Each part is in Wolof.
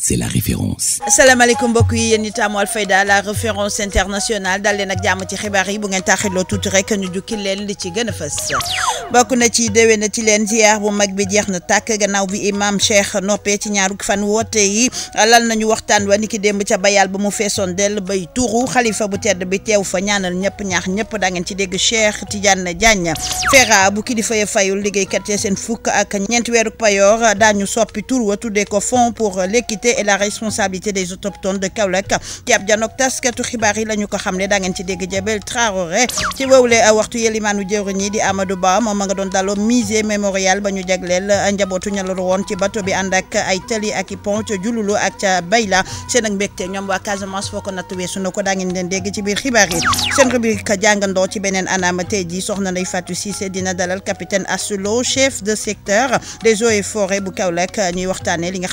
c'est la référence. salaamaaleykum mbokk yi yéen ñi taamu Alfayda la référence internationale daal leen ak jàmm ci xibaar yi bu ngeen taaxirloo tuuti rek ñu jukki leen li ci gën a fës bokk na ci déwén na ci leen ziar bu mag bi jeex na tàkk gannaaw bi imam Cheikh noppee ci ñaaru fan woote yi lal nañu waxtaan wa ni ki démb ca bayaal ba mu feesoon dell bay tuuru xalifa bu tedd bi teew fa ñaanal ñëpp ñaax ñëpp dangeen ngeen ci dégg Cheikh Tidiane Diagne fera bu kilifa ya fayul liggéeykat ya seen fukk ak ñeent weeru payoor daañu soppi et la responsabilité des autochtones de Kaolack ci ab janook taskatu xibaar ko xamle daa ngeen ci dégg Jabel Traoré ci wowle uh, waxtu yelimaanu jëwriñ yi di Amadou Ba moom ma nga doon daloo musée mémorial ba jagleel uh, njabootu ñalaru woon ci bato bi ànd ak ay tëli ak i pont ca Jululu ak ca Bayla seen ak mbégte ñoom waa Casamance foo ko natt weesu na ko daa ngeen dégg ci biir xibaar seen rubrique jàngandoo ci beneen anam tey jii soxna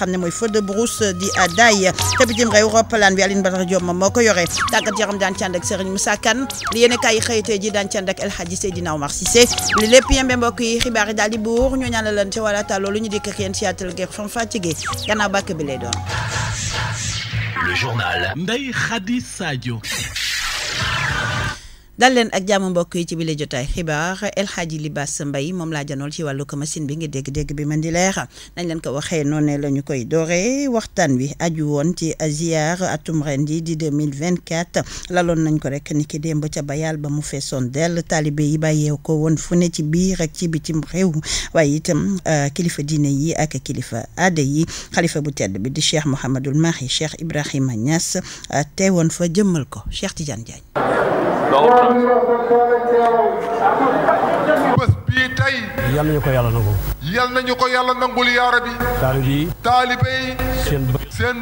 Ndeye di euh, day te bitim réew roppalaan bi Aline Badara Diop moom moo ko yore tàggat yaram daan ci ànd ak Serigne Moussa li yéen a kaay ji daan ci El Hadji Seydina Omar Cissé li lépp yembe mbokk yi xibaar yi daal di buur ñu ñaanalante wala ta loolu ñu dikk ak yéen si atal fatigué gannaaw bàkk bi lay doon dal leen ak jàmm mbokk yi ci bile jotaay xibaar El Hadji sa mbay moom laa janool ci wàllu ko machine bi nga dégg-dégg bi man di leer nañ leen ko waxee noonu lañu koy dooree waxtaan wi aju woon ci ziar atum ren ji di 2024 laloon nañ ko rek ni ki démb ca bayaal ba mu feesoon dell taalibe yi bàyyeew ko woon fu ne ci biir ak ci bitim réew waaye itam euh, kilifa diine yi ak kilifa aada yi xalifa bu tedd bi di cheikh Mouhamadul Mahi cheikh Ibrahima Niass euh, teewoon fa jëmmal ko cheikh Tidiane Diagne lool. bés bii tey. yal nañu ko yàlla nangu. yal nañu ko yàlla nangul yaara bi taalibe yi taalibe yi seen seen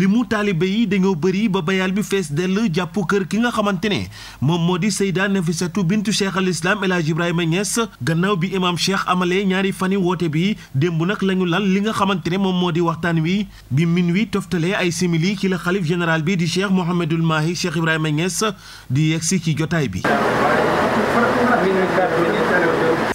li mu taalibe yi dañoo bëri ba bayaal bi fees dell jàpp kër ki nga xamante ne moom moo di Seyda Nafisatu bintu Cheikh al Islam El Hadj Ibrahima Niass gannaaw bi imaam Cheikh amalee ñaari fani woote bi démb nag lañu ñu lal li nga xamante ne moom moo di waxtaan wi bi min wi toftalee ay simili ci la xalif général bi di Cheikh Mouhamadul Mahi Cheikh Ibrahima Niass di yegsi ci jotaay bi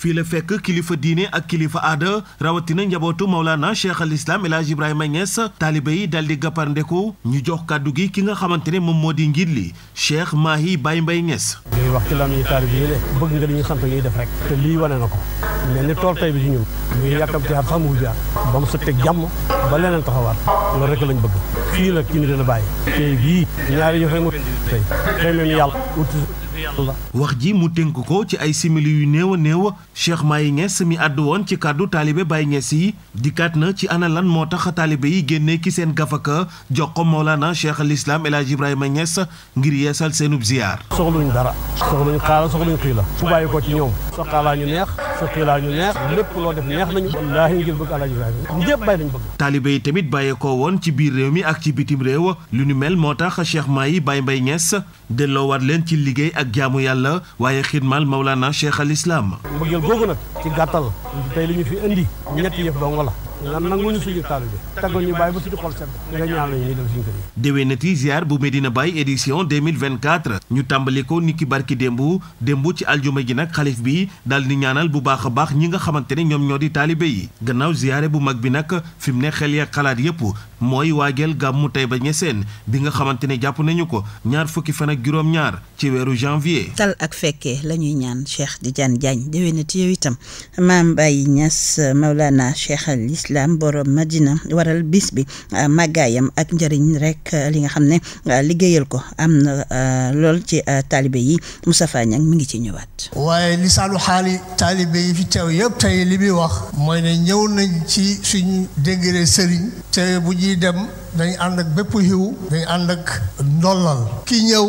fii la fekk kilifa diine ak kilifa aada rawatina njabootu Maulana Cheikh al Islam El Hadj Ibrahima Niass taalibe yi dal di gàpparndeku ñu jox kàddu gi ki nga xamante ne moom moo di njiit li Cheikh Mahi Baye Mbaye ngees li wax ci lan yi taalibe yi bëgg nga li ñu sant ñuy def rek. te lii wane na ko mel ni tool tay bi ci ñun. muy yàkkamti at sax mu jaar ba mu sëtteeg jàmm ba leneen taxawaat loolu rek lañ bëgg fii nag ki ñu dana bàyyi. tey bii yàlla wax ji mu ténk ko ci ay simili yu néew a néew Cheikh yi Niass mi àddu woon ci kàddu taalibe Baye Niass yi dikkaat na ci ana lan moo tax taalibe yi génnee ki seen gafaka jox ko Mawlana Cheikh al Islam El Hadj Ibrahima Niass ngir yeesal seenub ziyaar soxluñ dara soxluñ xaala soxluñ xiila bu bàyyi ko ci ñoom sa xaalaa neex sa xiilaa neex lépp loo def neex nañu wallaahi ngir bëgg El Hadj bàyyi lañ yi tamit bàyyeekoo woon ci biir réew mi ak ci bitim réew lu ñu moo tax Cheikh Mahi Baye Mbaye Niass delloowaat leen ci liggéey ak jaamu yàlla waaye xidmal Maulana Cheikh al Islam. mbëggeel googu nag ci gàttal. tey li ñu fi indi. ñetti yëf dong la. nga nanguñu suñu taalibe taggal ñu bàyyi ba suñu xol sedd nga ñaan la ñuy dem ñu tàmbali ko niki barki démbu démbu ci aljuma gi nag xalif bi daal di ñaanal bu baax a baax ñi nga xamante ne ñoom ñoo di taalibe yi gannaaw ziare bu mag bi nag fi ne xel ya xalaat yépp mooy waajal gàmmu ba Niassène bi nga xamante ne jàpp nañu ko ñaar fukki fan ak juróom-ñaar ci weeru janvier. tal ak fekkee la ñuy ñaan Cheikh Tidiane Diagne déwénati yow itam maam Baye Niass Maulana Cheikh al Islam borom Madina waral bis bi ah, màggaayam ak njëriñ rek ah, li nga xam ne ah, liggéeyal ko am na lool ci taalibe yi Moustapha Niang mu ngi ci ñëwaat. waaye lisaalu xaali taalibe yi fi teew yëpp tey li muy wax. mooy ne ñëw nañ ci suñ dégré sëriñ te bu ji dem dañu ànd ak bépp xiw dañu ànd ak ndollal ki ñëw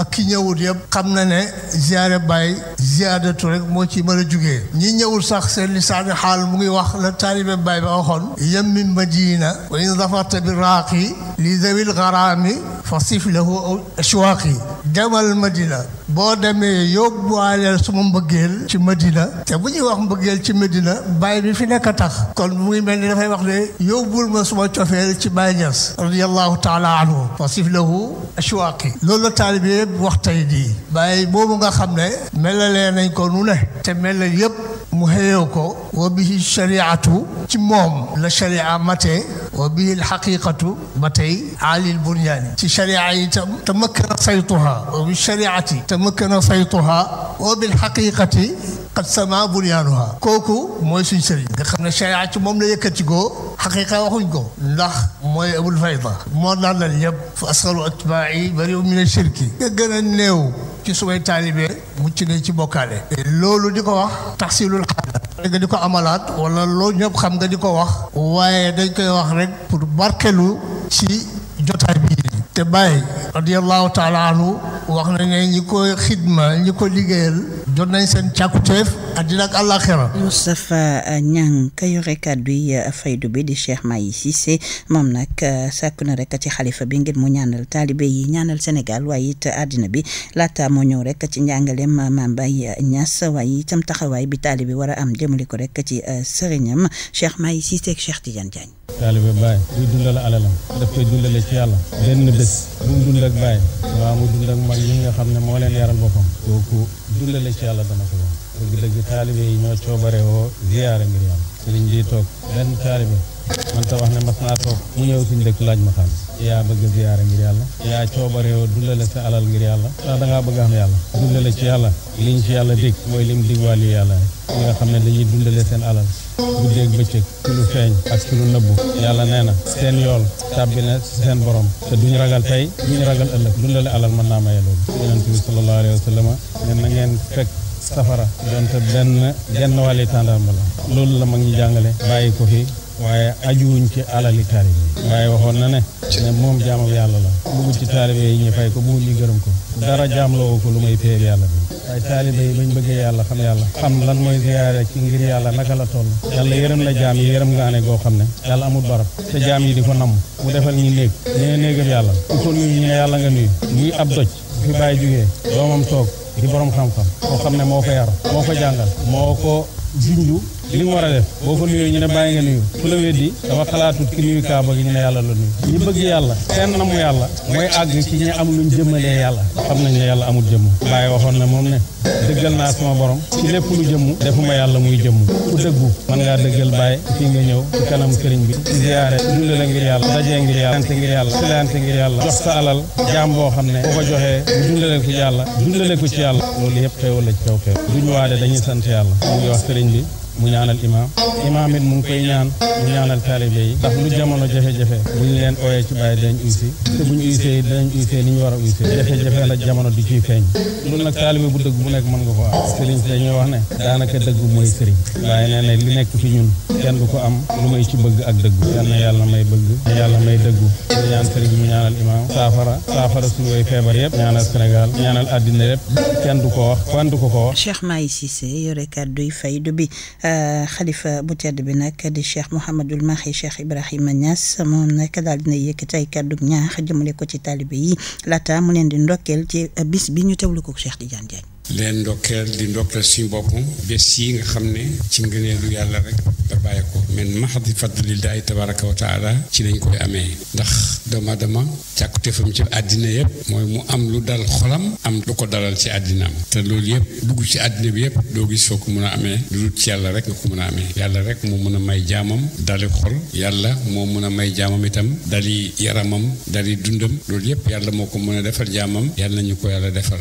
ak ki ñëwut yëpp xam na ne ziyaare baay ziyaadatu rek moo ci mën a jugee ñi ñëwul sax seen lisaani xaal mu ngi wax la taalibe baay ba waxoon yemmin madina wa in dafarta bi raaqi li dawil garaami fa sif lahu ashwaaqi demal madina boo demee yóbbuwaaleel suma mbëggeel ci Medina te bu ñuy wax mbëggeel ci Medina baay bi fi nekk a tax kon muy mel ni dafay wax ne yóbbul ma suma cofeel ci Baay Ñas radiallahu taala anhu wasif lahu ashwaaqi loolu la taalib yëpp wax tey jii bàyyi boobu nga xam ne melalee nañ ko nu ne te melal yëpp mu xëyoo ko wa bihi shariatu ci moom la sharia matee wa bihi alxaqiqatu ba tey alil bunyaani ci sharia itam tamakkana saytuha wa bi shariati tamakkana saytuha wa bil xaqiqati qad sama bunyaanuha kooku mooy suñ sëriñ nga xam ne sharia ci moom la yëkkati goo xaqiqa waxuñ ko ndax mooy abul fayda moo daan lan yëpp fa asgaru atbaa'i bari'un min ashirki nga gën a néew ci sumay taalibe mucc nañ ci bokkaale loolu di ko wax taxsilul xaal nga di ko amalaat wala loo ñëpp xam nga di ko wax waaye dañ koy wax rek pour barkelu ci jotaay bi te bàyyi radiallahu taala anhu wax na ñi ko xidma ñi ko liggéeyal jot nañ seen càkkutéef àddina ak àllaaxira Moustapha Niang ka yore kàddu yi faydu bi di Cheikh Mahi Cissé moom nag euh, sàkku na rek ci xalifa bi ngir mu ñaanal taalibe yi ñaanal Sénégal waaye it àddina bi laata moo ñëw rek ci njàngaleem Maam Baye Niass waaye itam taxawaay bi taalibe war a am jëmale ko rek ci euh, sëriñam Cheikh Mahi Cissé ak Cheikh Tidiane Diagne taalibe Baay buy dundal alalam daf koy dundale ci yàlla benn bés bu mu dund ak Baay waaw dund ak mag yi nga xam ne moo leen yaral boppam kooku dundale ci yàlla dana ko wax dëgg-dëgg taalibe yi ñoo coobare woo ziyaare ngir yàlla sëriñ bi benn taalibe man sa wax ne mas naa toog mu ñëw suñu dëkk laaj ma xam yaa bëgg ziyaara ngir yàlla yaa coobareewoo dundale sa alal ngir yàlla ndax dangaa bëgg xam yàlla dundale ci yàlla liñ ci yàlla dig mooy lim dig wàllu yàlla ñi nga xam ne dañuy dundale seen alal guddeeg bëccëg ci lu feeñ ak ci lu nëbbu yàlla nee na seen yool tàbbi na seen borom te duñu ragal tey duñ ragal ëllëg dundale alal mën naa maye loolu yonent bi sallallahu alayhi wa sallam ne na ngeen fekk safara donte benn genn wàlli tàndarma la loolu la mag ñi jàngale bàyyi ko fi waaye ajuwuñ ci alali taalibe yi waaye waxoon na ne ne moom jaamam yàlla la bugul ci taalibe yi ñu fay ko bugul ñu gërëm ko dara jaamloowu ko lu may péeb yàlla bi waaye taalibe yi bañ bëggee yàlla xam yàlla xam lan mooy ziyaare ci ngir yàlla naka la tool toll yàlla yërëm na jaam yi yërëm nga ne goo xam ne yàlla amul barab te jaam yi di ko nam mu defal ñu néeg ñu ne néegam yàlla ku ko nuyu ñu yàlla nga nuyu muy ab doj fi bàyyi jógee doomam toog di koo xam ne moo ko yar moo ko li mu war a def boo ko nuyoo ñu ne bàyyi nga nuyu ku la weddi ki nuyu kaaba gi ñu ne yàlla la nuyu ñi bëgg yàlla seen namu yàlla mooy àgg ci ñu am luñ jëmmalee yàlla am nañ ne yàlla amul jëmm bàyyi waxoon ne moom ne dëggal naa sama borom ci lépp lu jëmm ma yàlla muy jëmmu ku dëggu mën ngaa dëggal bàyyi fii nga ñëw ci kanam këriñ bi ziyaare dunda la ngir yàlla dajee ngir yàlla sant ngir ngir yàlla jox sa alal jaam boo xam ne boo ko joxee mu dundale yàlla dundale ko ci yàlla loolu yëpp xéewal la ci kaw xeew duñu sant yàlla mu ñaanal imaam imaam it mu ngi koy ñaan mu ñaanal taalibe yi ndax lu jamono jafe-jafe bu leen ooyee ci bàyyi dañ uysi te bu ñu uysee dinañ uysee ni ñu war a uysee jafe-jafe la jamono di ciy feeñ loolu nag taalibe bu dëgg bu nekk mën nga ko am si dañuy wax ne daanaka dëgg mooy sëriñ waaye nee na li nekk ci ñun kenn du ko am lu may ci bëgg ak dëggu yal na yàlla may bëgg yàlla may dëggu ñu ñaan sëriñ mu ñaanal imaam saafara saafara suñu way feebar yëpp ñaanal Sénégal ñaanal àddina yëpp kenn ko Euh, xalifa bu tedd bi nag di cheikh Mouhamadul Mahi cheikh Ibrahima Niass moom nag daal dina yëkkati ay kàddu ñaax jëmale ko ci taalibe yi laata mu leen di ndokkeel ci bis bi ñu teewlu ko di Tidiane Diagne. leen ndokkeel di ndokkeel suñu bopp bes yi nga xam ne ci ngëneelu yàlla rek la bàyyi ko men mahdi fadlillahi tabaraka wa taala ci lañ koy amee ndax dama dama càkkutéefam ci àddina yépp mooy mu am lu dal xolam am lu ko dalal ci àddinaam te loolu yépp dugg ci àddina bi yépp doo gis foo ko mën a amee lu dul ci yàlla rek nga ko mën a amee yàlla rek moo mën a may jaamam dali xol yàlla moo mën a may jaamam itam dali yaramam dali dundam loolu yépp yàlla moo ko mën a defal jaamam yàlla ñu ko yàlla defal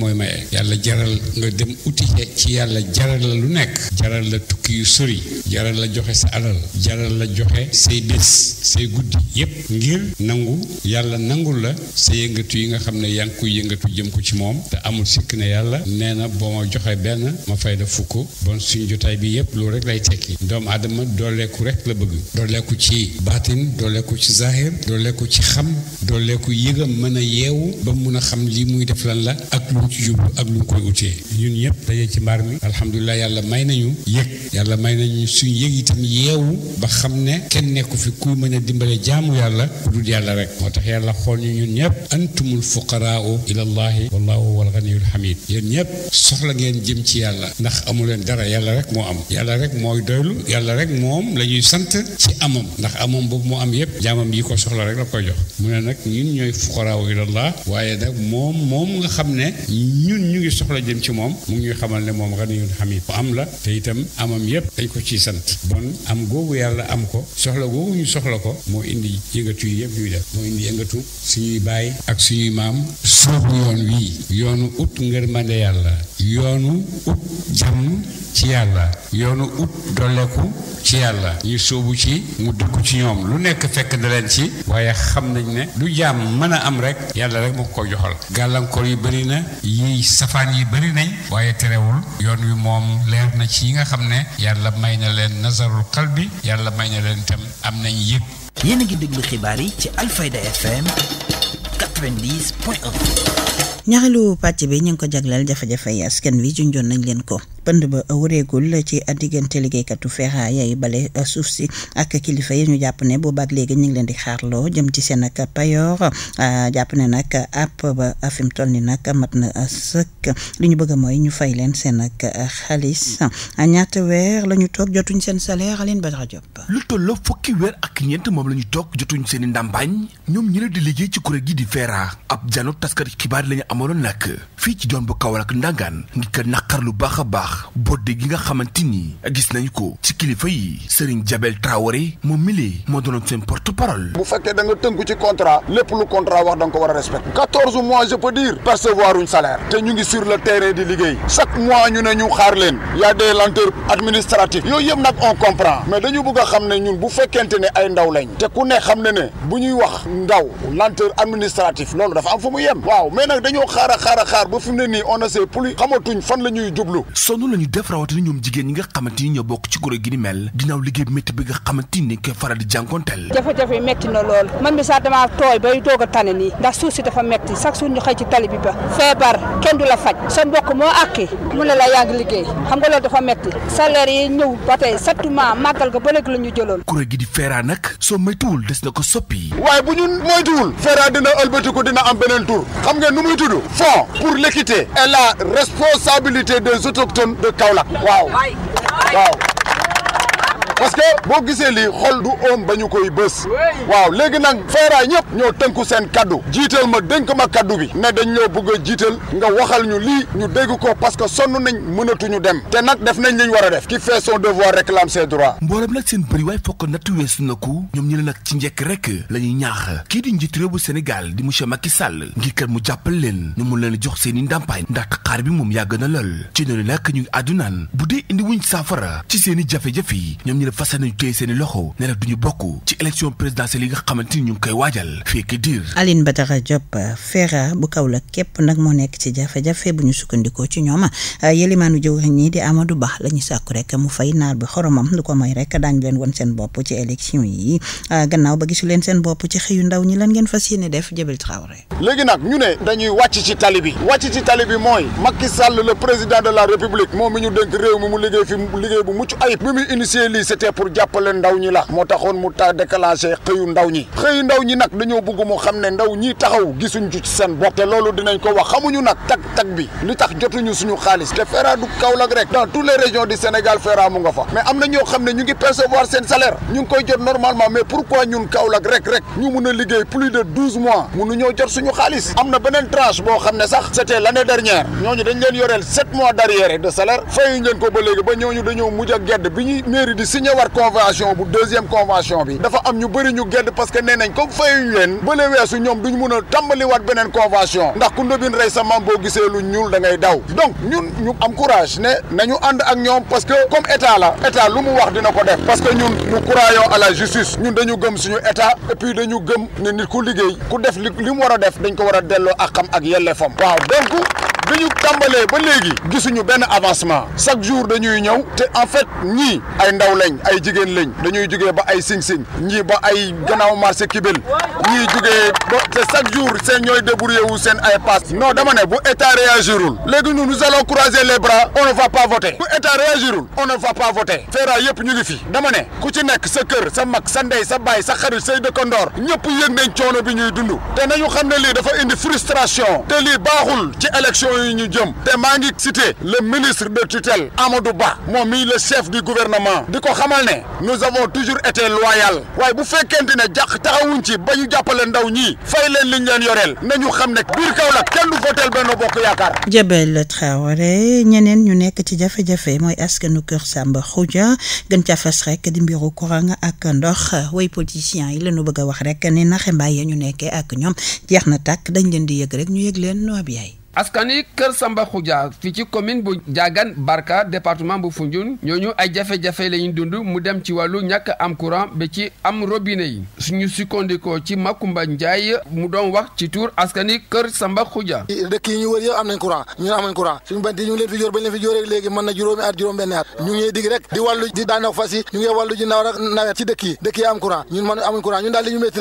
mooy maye yàlla jaral nga dem uti ci yàlla jaral la lu nekk jaral la tukki yu sori jaral la joxe sa alal jaral la joxe say bés say guddi yépp ngir nangu yàlla nangul la sa yëngatu yi nga xam ne yaa koy yëngatu jëm ko ci moom te amul sikk ne yàlla nee na boo ma joxe benn ma fay fukk bon suñu jotaay bi yépp loolu rek lay tekki doomu aadama dooleeku rek la bëgg dooleeku ci baatin dooleeku ci zahir dooleeku ci xam dooleeku yëgam mën a yeewu ba mun li muy def lan la lu mu ci yóbbu ak lu mu koy utee ñun ñëpp daje ci mbaar mi alhamdulilah yàlla may nañu yëg yàlla may nañu suñ yëg itam yeewu ba xam ne kenn nekku fi ku mën a dimbale jaamu yàlla ku dul yàlla rek moo tax yàlla xool ñu ñun ñëpp antumul fuqaraau ilallahi wallahu wal ganiyul hamid yéen ñëpp soxla ngeen jëm ci yàlla ndax amu leen dara yàlla rek moo am yàlla rek mooy doylu yàlla rek moom lañuy sant ci amam ndax amoon boobu moo am yëpp jaamam yi ko soxla rek la koy jox mu ne nag ñun ñooy fuqaraaw ilallah waaye nag moom moom nga xam ne ñun ñu ngi soxla jëm ci moom mu ngi xamal ne moom ganiyun xamid bu am la te itam amam yépp dañ ko ci sant bon am googu yàlla am ko soxla googu ñu soxla ko moo indi yëngatu yi yépp ñuy def moo indi yëngatu suñuy baay ak suñuy maam suufu yoon wii yoonu ut ngërmande yàlla yoonu ut jàmm ci yàlla yoonu ut dolleku ci yàlla ñu sóobu ci mu dugg ci ñoom lu nekk fekk na leen ci waaye xam nañ ne lu jaam mën a am rek yàlla rek moo ko joxal gàllankoor yi bari yi safaan yi bari nañ waaye terewul yoon wi moom leer na ci yi nga xam ne yàlla may na leen nasarul qalbi yàlla may na leen itam am nañ yëg yéen a ngi déglu xibaar yi ci Alfayda FM 90 point 1 ñaareelu pàcc bi ñu ngi ko jagleel jafe-jafe yi askan wi junjoon nañ leen ko pënd ba wureegul ci diggante liggéeykatu feexa yay bale euh, suuf si ak kilifa yi ñu jàpp ne boobaak léegi ñu ngi leen di xaarloo jëm ci seen ak payoor euh, jàpp ne nag app ba fi mu toll ni nag mat na euh, sëkk li ñu bëgg mooy ñu fay leen seen ak a ñaata weer la ñu toog jotuñ seen salaire a leen Diop lu tolloo fukki weer ak ñeent moom la ñu toog jotuñ seen i ndàmbaañ ñoom ñi la di liggéey ci kuréel gi di feera ab jano taskat xibaar la amaloo amaloon fii ci doon bu Kaolack ndangaan ngir lu baax a baax wax bodde gi nga xamante ni gis nañu ko ci kilifa yi Serigne Jabel Traoré moom mile moo doonoon seen porte parole. bu fekkee da tënku ci contrat lépp lu contrat wax da ko war a respecté quatorze mois je peux dire percevoir un te ñu ngi sur le terrain di liggéey chaque mois ñu ne ñu xaar leen y a des lenteurs yooyu yëpp nag on comprend mais dañu bëgg a xam ne ñun bu fekkente ne ay ndaw lañ te ku ne xam ne ne bu ñuy wax ndaw lenteur administrative am fu mu yem waaw mais nag a xaar a mu ne nii on la ñuy jublu noonu la ñu def rawatina ñoom jigéen ñi nga xamante ni ñoo bokk ci kuréel gi ni mel ginnaaw liggéey bi métti bi nga xamante ni faral di jànkonteel jafe-jafe métti na lool man bi sax damaa tooy bay doog a tane nii ndax suuf dafa métti chaque jour ñu xëy ci tali ba feebar kenn du la faj sa mbokk moo àkki mu ne la yaa ngi liggéey xam nga loolu dafa métti salaire yi ñëw ba tey satuma màggal ga ba léegi la jëloon kuréel gi di feeraa nag soo moytuwul des de Kaolack waaw waaw parce que boo gisee lii xol du oom ba ñu koy bës waaw léegi nag feeraay ñëpp ñoo tënku seen kàddu jiital ma dénk ma kàddu bi ne dañ ñoo bëgg jiital nga waxal ñu lii ñu dégg ko parce que sonn nañ mënatuñu dem te nag def nañ liñ war a def qui fait son devoir réclame ses droits mboolem nag seen bëri waaye fokk natt weesu na ko ñoom ñi ne nag ci njëkk rek la ñuy ñaax kii di njiit réew bu Sénégal di monsieur makki Sall ngir kër mu jàppal leen ñu mun leen jox seen i ndàmpaay ndax xaar bi moom yàgg na lool ci noonu nag ñu bu dee indi wuñ saafara i jafe-jafe yi la fas nañu téye seen i loxo ne la duñu bokk ci élection présidentielle yi nga xamante ni ñu ngi koy waajal fekk diir. Aline Badara Diop euh, Fera bu Kaolack képp nag moo nekk ci jafe-jafe bu ñu sukkandikoo ci ñoom euh, yëlimaanu jëwriñ ñi di Amadou Ba la ñu sàkku rek mu fay naar bi xoromam lu ko mooy rek daañu leen won seen bopp ci élection yi euh, gannaaw ba gisu seen bopp ci xëyu ndaw ñi lan ngeen fas yéene def Jëbel Traoré. léegi nag ñu ne dañuy wàcc société pour jàppale ndaw ñi la moo taxoon mu ta déclenché xëyu ndaw ñi xëyu ndaw ñi nag dañoo bëgg mu xam ne ndaw ñi taxaw gisuñ ci seen bopp te loolu dinañ ko wax xamuñu nag tag tag bi li tax jotuñu suñu xaalis te Fera du Kaolack rek dans toutes les régions du Sénégal Fera mu nga fa mais am na ñoo xam ne ñu ngi percevoir seen salaire ñu koy jot normalement mais pourquoi ñun Kaolack rek ñu mun a liggéey plus de douze mois mënuñoo jot suñu xaalis am na beneen tranche boo ne sax c'était l'année dernière signé war convention bu deuxième convention bi dafa am ñu bëri ñu gedd parce que nee nañ comme fayuñ leen bële weesu ñoom duñ mun a tàmbali waat beneen convention ndax ku ndóbin rey sa mam boo gisee lu ñuul da ngay daw donc ñun ñu am courage ne nañu ànd ak ñoom parce que comme état la état lu mu wax dina ko def parce que ñun nous croyons à la justice ñun dañu gëm suñu état et dañu gëm ne nit ku liggéey ku def li li mu war a def dañ ko war a delloo ak xam ak yelle fam waaw donc bi ñu tàmbalee ba léegi gisuñu benn avancement chaque jour dañuy ñëw te en fait ñii ay ndaw lañ ay jigéen lañ dañuy jugee ba ay sing-sing ba ay gannaaw marché kibel ñii jugee ba te chaque jour seen ñooy débrouillé wu seen ay passe no dama ne bu état réagirul léegi nous nous allons croiser les bras on ne va pas voter bu état réagirul on ne va pas voter feera yëpp ñu ngi fi dama ne ku ci nekk sa kër sa mag sa ndey sa baay sa xarit say dëkkandoor ñëpp yëg nañ coono bi ñuy dund te nañu xam ne lii dafa indi frustration te lii baaxul ci élection élection yi ñu jëm te maa ngi cité le ministre de tutelle Amadou Ba moom mii le chef du gouvernement di ko xamal ne nous avons toujours été loyal waaye bu fekkent ne jàq taxawuñ ci ba ñu jàppale ndaw ñi fay leen liñ leen yoreel nañu xam ne biir Kaolack kenn du voteel Benno Bokk Yaakaar. Jabel Traoré ñeneen ñu nekk ci jafe-jafe mooy askanu Kër Samba Khoudia gën ca fas rek di mbiru courant ak ndox way politiciens yi lañu bëgg a wax rek ni naxe mbaay ya ñu nekkee ak ñoom jeex na tàkk dañ leen di yëg rek ñu yëg leen noob yaay askani kër Samba Khoudia fii ci commune bu Diagane Barka département bu Foundiougne ñooñu ay jafe-jafe la dund mu dem ci wàllu ñàkk am courant ba ci am robinet yi suñu sukkandikoo ci Makumba Ndiaye mu doon wax ci tur askani kër Samba Khoudia dëkk ñu wër yëpp am nañ courant ñu am nañ courant suñu bant yi ñu ngi leen fi jóor bañ leen fi jóoree léegi mën na juróomi at juróom benn at ñu ngi dig rek di wàllu di daanok fas ñu ngi wàllu nawet ci dëkk yi dëkk yi am courant ñun ñu métti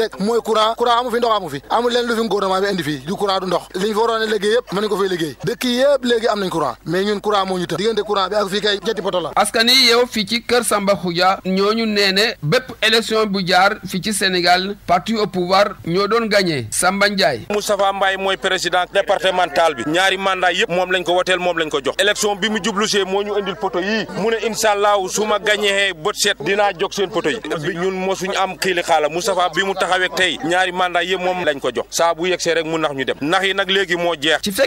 nañ ko fay léegi am nañ courant mais ñun courant moo ñu të diggante courant bi ak fii kay ñetti poto la askan yi yow fii ci kër Samba Khoudia ñooñu nee ne bépp élection bu jaar fii ci Sénégal parti au pouvoir ñoo doon gagné Samba Ndiaye Moustapha Mbaye mooy président départemental bi ñaari mandat yëpp moom lañ ko woteel moom lañ ko jox élection bi mu jublu see moo ñu indil poto yii mu ne incha allahu su ma gagné bët set dinaa jox seen poto yi ñun mosuñ am xiili xaala Moustapha bi mu taxawee tey ñaari mandat yëpp moom lañ ko jox saa bu yegsee rek mu ñu dem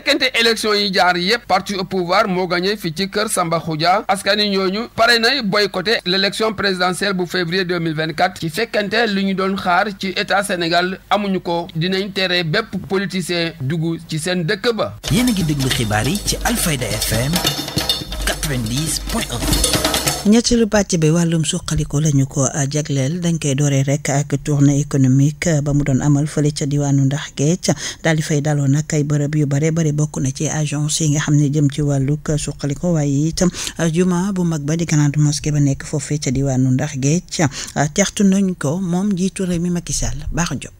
fekkente élection yi jaar yépp parti au pouvoir moo gagné fii ci kër Samba Khoudia askani ñooñu pare nay boycotté l' élection présidentielle bu février 2024 ci fekkente li ñu doon xaar ci état senegal amuñu ko dinañ tere bépp politicien dugg ci seen dëkk ba. yéen a ngi déglu xibaar yi ci Alfayda FM ñetteelu pàcc bi wàllum suqaliku lañu ko ah, jagleel dañ koy dooree rek ak tournée économique ah, ba mu doon amal fële ca diwaanu ndax géej daal di fay daloo nag ay bërëb yu bare bare bokk na ci agence yi nga xam ne jëm ci wàlluk suqaliko waaye itam ah, juma bu mag ba di grande mosquée ba nekk foofee ca diwaanu ndax géej teextu nañ ko moom jiitu réew mi Macky Sall baax job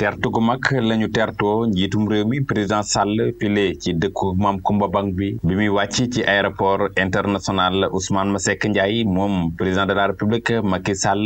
teertu gu mag lañu ñu njiitum réew mi président Sall file ci dëkku Maam Kumba Bang bi bi muy wàcc ci aéroport international Ousmane Masseck njaay moom président de la République Macky Sall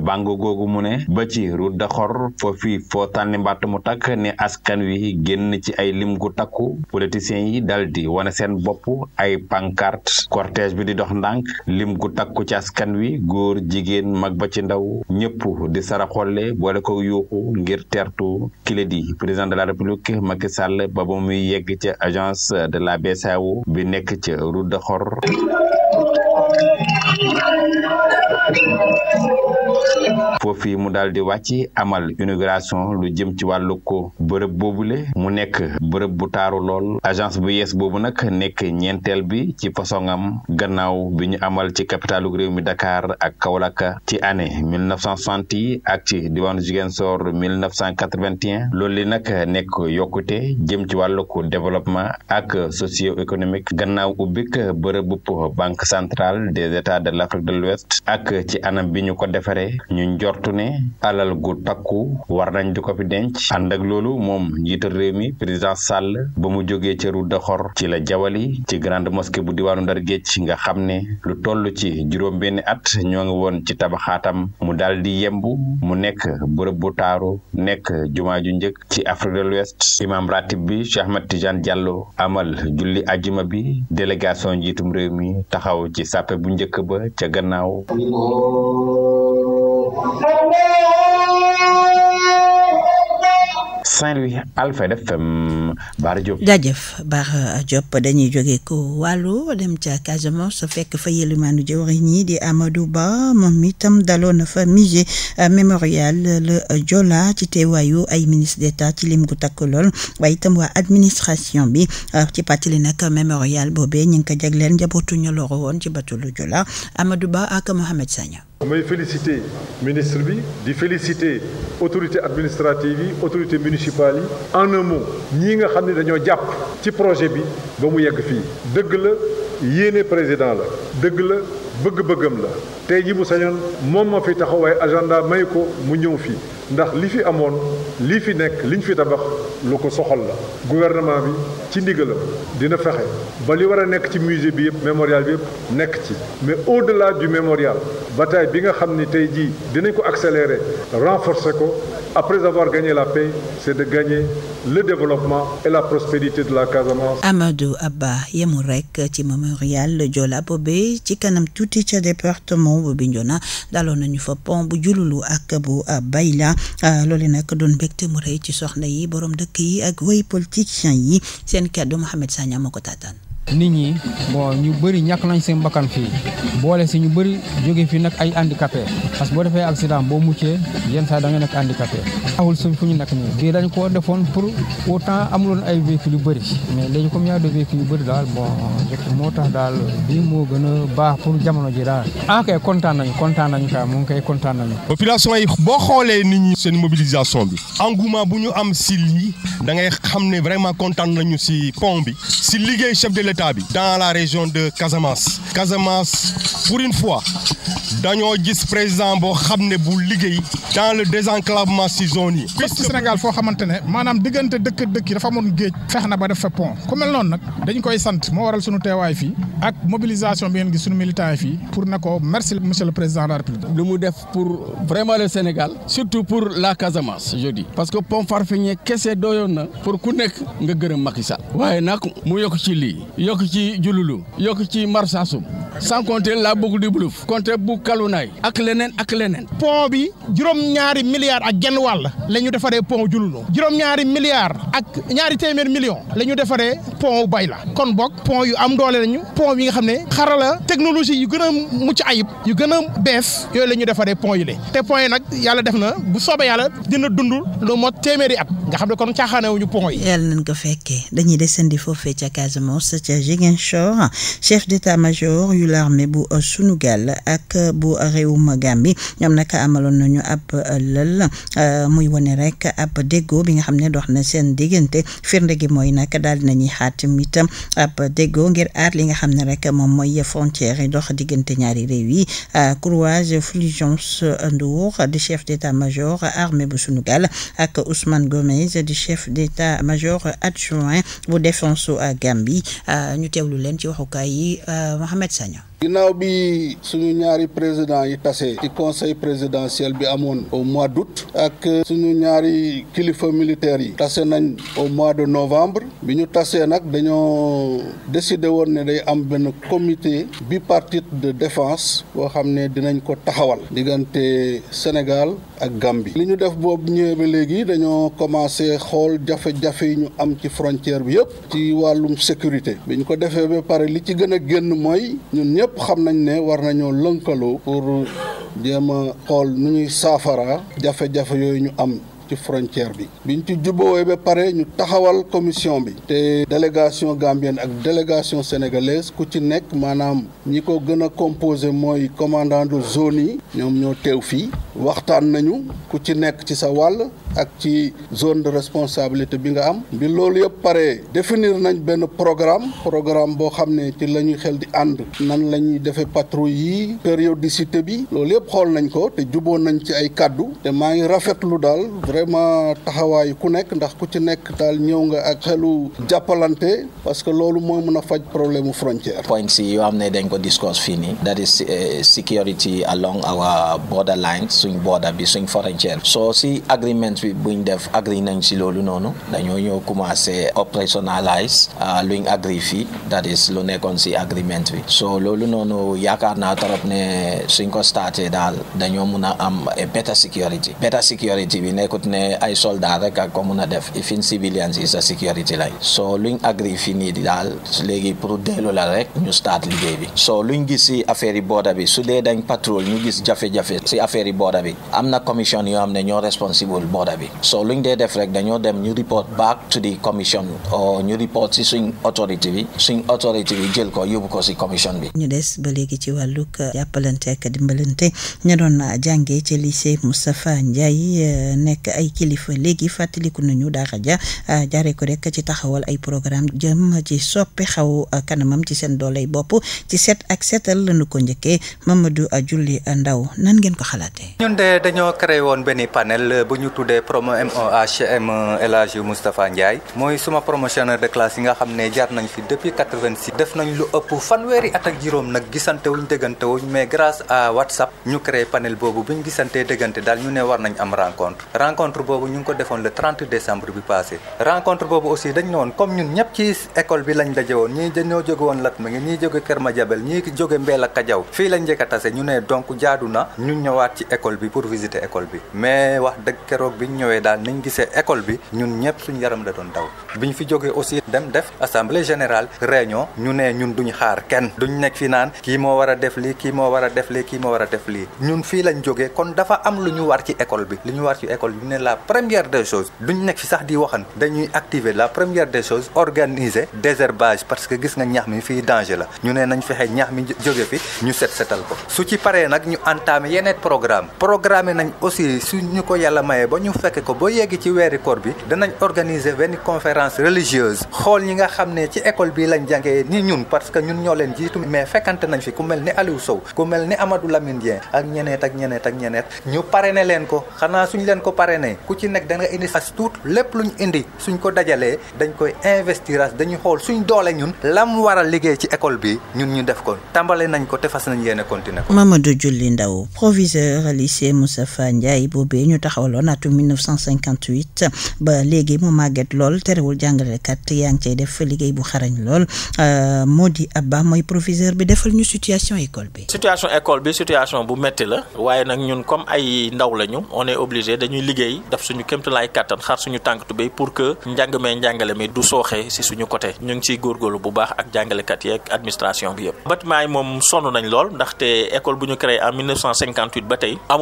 ca googu mu ne ba ci route de Xor foofi foo tànni mbàtt mu takk ne askan wi génn ci ay lim gu takku politiciens yi dal di wane seen bopp ay pankart cortège bi di dox ndànk lim gu takku ci askan wi góor jigéen mag ba ci ndaw ñëpp di sara xolle boole ko yuuxu ngir tertu kile di président de la république Macky Sall ba ba muy yegg ca agence de la BCEAO bi nekk ca route Xor foofu mu daal di wàcc amal inauguration lu jëm ci wàllu ko bërëb boobule mu nekk bërëb bu taaru lool agence bu yees boobu nag nekk ñeenteel bi ci façon am gannaaw bi ñu amal ci capitalu réew mi Dakar ak Kaolack ci année 1960 yi ak ci diwaanu Ziguinchor 1981 loolu li nag nekk yokkute jëm ci wàllu ko développement ak socio-économique gannaaw ubbik bërëb bu banque centrale des états de l'Afrique de l'Ouest ak ci anam bi ñu ko defaree ñu njortu ne alal gu takku war nañ di ko fi denc ànd ak loolu moom njiital réew mi président Sall ba mu jógee ca Route de ci la jawali ci grande mosquée bu diwaanu Ndar Géej nga xam ne lu toll ci juróom benn at ñoo ngi woon ci tabaxaatam mu dal di yembu mu nekk bërëb bu taaru nekk jumaa ju njëkk ci Afrique de l'Ouest imam ratib bi Cheikh Ahmed Tidiane amal julli ajuma bi délégation njiitum réew mi taxaw ci sàppe bu njëkk ba ca gannaaw Oh. Saint-Louis Alfayda FM Baara Diop. jaajëf dañuy jóge ko wàllu dem ca Casamance fekk fa yëlimaanu jëwriñ ñii di Amadou Ba moom itam daloon na fa musée euh, mémorial le Joola ci teewaayu ay ministre d'État ci lim gu takk lool waaye itam waa administration bi euh, ci pàttali nag mémorial boobee ñu ngi ko jagleel leen ñu loro woon ci batulu Joola Amadou Ba ak Mohamed Sagna. may félicité ministre bi di félicité autorité administrative yi autorité municipale yi en un mot ñii nga xam ni dañoo jàpp ci projet bi ba mu yegg fii dëgg la yéene président la dëgg la bëgg-bëggam la tey ji bu sañoon moom ma fi taxaw waaye agenda may ko mu ñëw fii ndax li fi amoon lii fi nekk liñ fi tabax lu ko soxal la gouvernement bi ci la dina fexe ba li war a nekk ci musée bi yëpp mémorial bi yëpp nekk ci mais au-delà du mémorial bataille bi nga xam ni tey jii dinañ ko accélérer renforcer ko après avoir gagné la paix c'est de gagner le développement et la prospérité de la Casamance. Amadou Abba yemul rek ci mémorial Joola boobee tuuti ca département bu Bignona daloon nañu fa pont bu jululu ak bu Bayla ah, loole nag doon mbégte mu rëy ci soxna yi borom dëkk yi ak way politiciens yi seen kàddu Mouhamed Sagna moo ko taataan nit ñi bon ñu bëri ñàkk nañ seen bakkan fii boole si ñu bëri jóge fii nag ay handicapé parce que boo defee accident boo muccee yenn saa da nga nekk handicapé taxul suñ fu ñu nekk nii bii dañ koo defoon pour autant amuloon ay véhicules yu bëri mais léegi comme yaa de véhicules yu bëri daal bon moo tax daal bii moo gën a baax pour jamono ji daal ah kay kontaan nañu kontaan nañu ka mu ngi koy kontaan nañu population boo xoolee ni ñi seen mobilisation bi engouement bu ñu am si lii xam ne vraiment kontaan nañu si pont bi l'état bi dans la région de Casamance Casamance pour une fois dañoo gis président boo xam ne bu liggéey dans le désenclavement si zone yi parce que Sénégal foo xamante ne maanaam déggante dëkk dëkki dafa amoon géej fex na ba def fa pont ku mel noonu nag dañu koy sant moo waral sunu teewaay fii ak mobilisation bi ngeen gis sunu militants yi fii pour na ko merci monsieur le président la République lu mu def pour vraiment le Sénégal surtout pour la Casamance je dis parce que pont Farfigné kese doyoon na pour ku nekk nga gërëm Macky Sall yokk ci jululu yokk ci marsasum sans compter la boucle du Boulouf compter bu kalunaay ak leneen ak leneen pont bi juróom-ñaari milliards ak genn wàll la ñu defaree pont jululu juróom-ñaari milliards ak ñaari téeméer millions la ñu defaree pon Bayla kon boog pon yu am doole lañu pont yi nga xam ne xarala technologie yu gën a mucc ayib yu gën a bees yooyu la ñu defaree pont yi le te pont yi nag yàlla def na bu soobee yàlla dina dund lu mot téeméeri at nga xam ne kon caaxaanewuñu pont ca Ziguinchor chef d'état-major yu l'armée bu Sunugal ak bu réewum Gambie ñoom nag amaloon nañu ab lël euh, muy wane rek ab déggoo bi nga xam ne dox na seen diggante firnde gi mooy nag daal nañu xaatim itam ab déggoo ngir aar li nga xam ne rek moom mooy frontière yi dox diggante ñaari réew yi euh, Croix Fulgence Ndour di chef d'état-major armée bu Sunugal ak Ousmane Gomez di chef d'état-major adjoint bu défense Gambie euh, ñu teewlu leen ci waxukaay yi euh, Mouhamed Sagna ginnaaw bi suñu ñaari président yi tase ci conseil présidentiel bi amoon au mois d'août ak suñu ñaari kilifa militaires yi tase nañ au mois de novembre bi ñu tasee nag dañoo décidé woon ne day am benn bi bipartite de défense boo xam ne dinañ ko taxawal diggante Sénégal ak Gambie li ñu def boobu ñëwee léegi dañoo commencé xool jafe-jafe yi ñu am ci frontière bi yëpp ci wàllum sécurité biñ ko defee ba pare li ci gën a génn mooy ñun ñëpp ñëpp xam nañ ne war nañoo lënkaloo pour jéem a xool nu ñuy saafara jafe-jafe yooyu ñu am ci frontière bi biñ ci jubboowee ba pare ñu taxawal commission bi te délégation gambienne ak délégation sénégalaise ku ci nekk maanaam ñi ko gën a composé mooy commandant de zone yi ñoom ñoo teew fii waxtaan nañu ku ci nekk ci sa wàll ak ci zone de responsabilité bi nga am bi loolu yëpp pare définir nañ benn programme programme boo xam ne ci la ñuy xel di ànd nan la ñuy defee patrouille yi périodicité bi loolu yëpp xool nañ ko te juboo nañ ci ay kàddu te maa ngi rafetlu daal vraiment taxawaay ku nekk ndax ku ci nekk daal ñëw nga ak xelu jàppalante parce que loolu moo mën a faj problème mu frontière. points yi yoo xam ne dañ ko discuss fii nii that is eh, security along our border lines. suñ border bi suñ frontière soo si agreement bi buñ def agri nañ si loolu noonu dañoo ño commencé operationalize ah, luñ agri fii that is lu nekkoon si agreement bi so loolu noonu yaakaar naa trop ne suñ ko starté daal dañoo mun a am better security better security bi nekkut ne ay soldat rek ak ko mun a def ifin civilians is a security lañ so luñ agri fii nii daal léegi pour dellu la rek ñu start liggéey bi so luñ gis si affaire yi border bi su dee dañ patrol ñu gis jafe-jafe si affaire yi border border bi am na commission yoo xam ne ñoo responsible border bi so luñ dee def rek dañoo dem ñu report back to the commission or ñu report si suñ autorité bi suñ autorité bi jël ko yóbbu ko si commission bi. ñu des ba léegi ci wàllu wàllug jàppalante ak dimbalante ña na jàngee ci lycée Moustapha Ndiaye eh, nekk ay kilifa léegi fàttaliku nañu daara ja eh, jare ko rek ci taxawal ay programme jëm ci soppi xaw eh, kanamam ci seen doole yi bopp ci set ak setal lañu ko njëkkee Mamadou Julli Ndaw nan ngeen ko xalaatee. ñun de dañoo créé woon benn panel bu ñu tuddee promo MOHM El Hadji Moustapha Ndiaye mooy suma promotionnaire de classe yi nga xam ne jaar nañ fi depuis 86 def nañ lu ëpp fanweeri at ak nag gisante wuñ déggante wuñ mais grâce à WhatsApp ñu créé panel boobu bu ñu gisantee déggante daal ñu ne war nañ am rencontre rencontre boobu ñu ngi ko defoon le 30 décembre bi passé rencontre boobu aussi dañ ne woon comme ñun ñëpp ci école bi lañ daje woon école bi pour visiter école bi mais wax dëgg keroog bi ñu ñëwee daal niñ gisee école bi ñun ñëpp suñu yaram la doon daw bi ñu fi jógee aussi dem def assemblée générale réunion ñu ne ñun duñu xaar kenn duñ nekk fi naan kii moo war a def li kii moo war a def lii kii moo war a def lii ñun fii lañ jógee kon dafa am lu ñu war ci école bi lu ñu war ci école bi ñu ne la première des choses duñ nekk fi sax di waxan dañuy activer la première des choses organiser désherbage parce que gis nga ñax mi fii danger la ñu ne nañ fexe ñax mi jóge fi ñu set setal ko programmé nañ aussi ñu ko yàlla mayee ba ñu fekk ko ba yegg ci weeri koor bi danañ organiser benn conférence religieuse xool ñi nga xam ne ci école bi lañ jàngee ni ñun parce que ñun ñoo leen jiitu mais fekkante nañ fi ku mel ni Aliou Sow ku mel ni Amadou Lamine Dieng ak ñeneet ak ñeneet ak ñeneet ñu parrainé leen ko xanaa suñ leen ko parrainé ku ci nekk da nga indi as tuut lépp luñ indi suñ ko dajalee dañ koy investir dañu xool suñ doole ñun lam waral a ci école bi ñun ñu def ko tàmbale nañ ko te fas nañ yéene continuer ko Mamadou Diouly Ndao proviseur lycée Moustapha Ndiaye boobee ñu taxawaloon atum 1958 ba léegi mu màgget lool terewul jàngalekat yaa ngi cay def liggéey bu xarañ lool euh, Mody Abba mooy proviseur bi defal ñu situation école bi. situation école bi situation bu métti la waaye nag ñun comme ay ndaw lañu on est obligé dañuy liggéey daf suñu kéemtalaay kàttan xar suñu tànk tubéy pour que njàng mee njàngale mi du sooxee si suñu côté ñu ngi ciy góorgóorlu bu baax ak jàngalekat yeeg administration bi yëpp bâtiment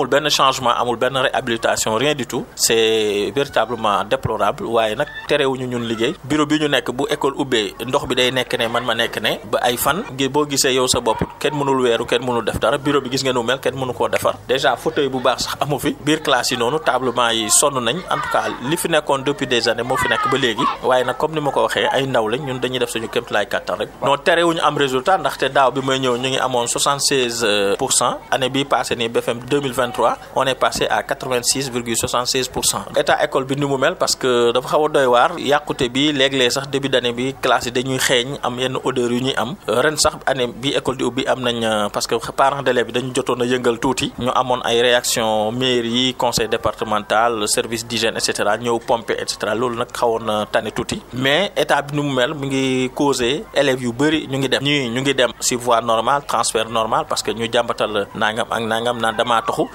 amul benn changement amul benn réhabilitation rien du tout c'est véritablement déplorable waaye nag terewuñu ñun liggéey bureau bi ñu nekk bu école ubbee ndox bi day nekk ne man ma nekk ne ba ay fan boo gisee yow sa bopp kenn mënul weeru kenn mënul def dara bureau bi gis nga nu kenn mënu koo defar déjà fauteuil bu baax sax amu fi biir classe yi noonu tablement yi sonn nañ en li fi nekkoon depuis des années moo fi nekk ba léegi waaye nag 2023 on est à 86 école bi ni mu mel parce que dafa xaw a doy waar yàqute bi léeg sax début d'année bi classe dañuy xeeñ am yenn odeur yu ñuy am ren sax année bi école di ubbi am nañ euh, parce que parents d'élèves bi dañu jotoon a yëngal tuuti ñu amoon ay réaction mairie conseil départemental service d'hygiène et ñëw pompe et loolu nag xawoon tane tuuti mais état bi ni mu mel mu ngi causé élèves yu bëri ñu ngi dem ñu ngi dem si voie normal parce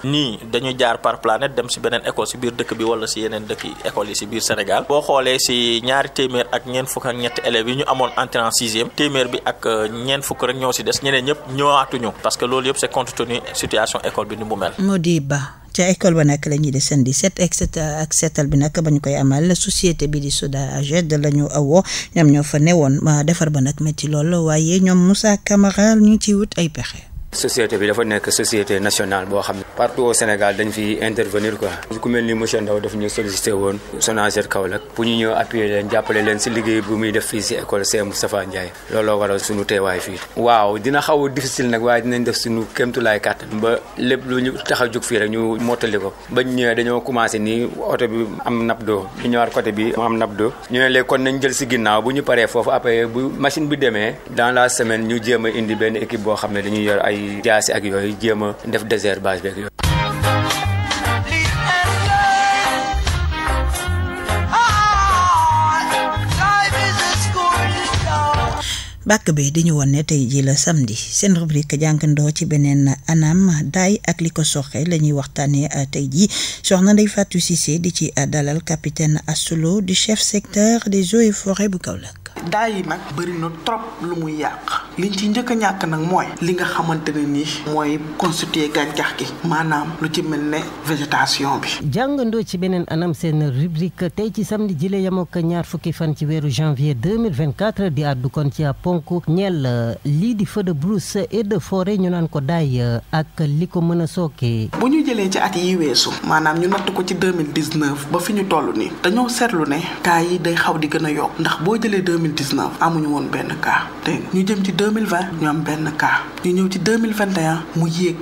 nii dañu jaar par planète dem si beneen école si biir dëkk bi wala si yeneen dëkk école yi si biir Sénégal boo xoolee si ñaari téeméer ak ñeen fukk ak ñetti élèves yi ñu amoon entrée en sixième téeméer bi ak euh, ñeent fukk rek ñoo si des ñeneen ñëpp ñëwaatuñu parce que loolu yëpp c'est compte tenu situation école bi ni mu mel. Modiba. ca école ba nag la ñuy seen set ak set ak seetal bi nag ba ñu koy amal société bi di SODAGED la ñu awoo ñoom ñoo fa newoon ma defar ba nag métti lool waaye ñoom Moussa Camara ñu ci wut ay pexe. société bi dafa nekk société nationale boo xam ne partout au Sénégal dañ fi intervenir quoi ku mel ni monsieur Ndaw daf ñu sollicité woon Sonaged Kaolack pour ñu ñëw appuyer leen jàppale leen si liggéey bu muy def fii si école CM Moustapha Ndiaye looloo waral suñu teewaay fii waaw dina xaw a difficile nag waaye dinañ def suñu kéemtulaay kàttan ba lépp lu ñu tax a fii rek ñu mottali ko bañ ñëwee dañoo commencé nii oto bi am nap doo ñu ñëwaat côté bi mu am nap doo kon nañ ginnaaw bu ñu paree foofu après bu machine bi demee dans la semaine ñu jéem a indi benn équipe boo xam ne dañuy yor ay ay jaasi ak bàkk bi di ñu woon tey ji la samedi seen rubrique jànkandoo ci beneen anam daay ak li ko soxe la ñuy waxtaanee euh, tey ji soxna Ndeye Fatou Cissé di ci euh, dalal capitaine Assoulo du chef secteur des eaux et forêts bu Kaolack. daa yi nag bëri na trop lu muy yàq liñ ci njëkk a ñàkk nag mooy li nga xamante ne nii mooy constituer gàncax gi maanaam lu ci mel ne végétation bi. jàngandoo ci beneen anam seen rubrique tey ci samedi jile yamoo ko ñaar fukki fan ci weeru janvier deux mille vingt quatre di àddu kon ci ponk ñeel euh, lii di feu de brousse et de forêt ñu naan ko daay euh, ak li ko mën a sookee. bu ñu jëlee ci at yi weesu maanaam ñu natt ko ci deux mille dix neuf ba fi ñu toll nii dañoo seetlu ne kaa yi day xaw di gën a yokk ndax boo jëlee 2019 amuñu woon benn kaa te ñu jëm ci 2020 ñu am benn cas ñu ñëw ci deux mille 2021 mu yéeg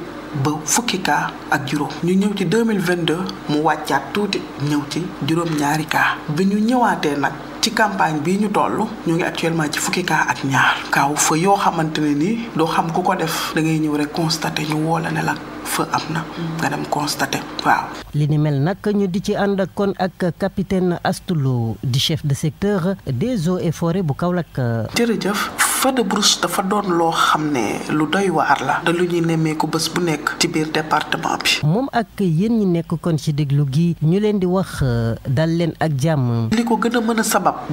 ba fukki cas ak juróom ñu ñëw ci deux mille deux mu wàccaat tuuti ñëw ci juróom ñaari kaa bi ñu ñëwaatee nag ci campagne bi ñu toll ñu ngi actuellement ci fukki cas ak ñaar kaaw fa yoo xamante ne nii doo xam ku ko def da ngay ñëw rek constaté ñu woo la ne la fa am na nga dem constaté waaw. li ni mel nag ñu di ci ànd ak kon ak capitaine Astou di chef de secteur des eaux et forêts bu Kaolack. jërëjëf. feu de brousse dafa doon loo xam ne lu doy waar la da lu ñuy nemmeeku bés bu nekk ci biir département bi moom ak yéen ñi nekk kon ci déglu gi ñu leen di wax dal leen ak jàmm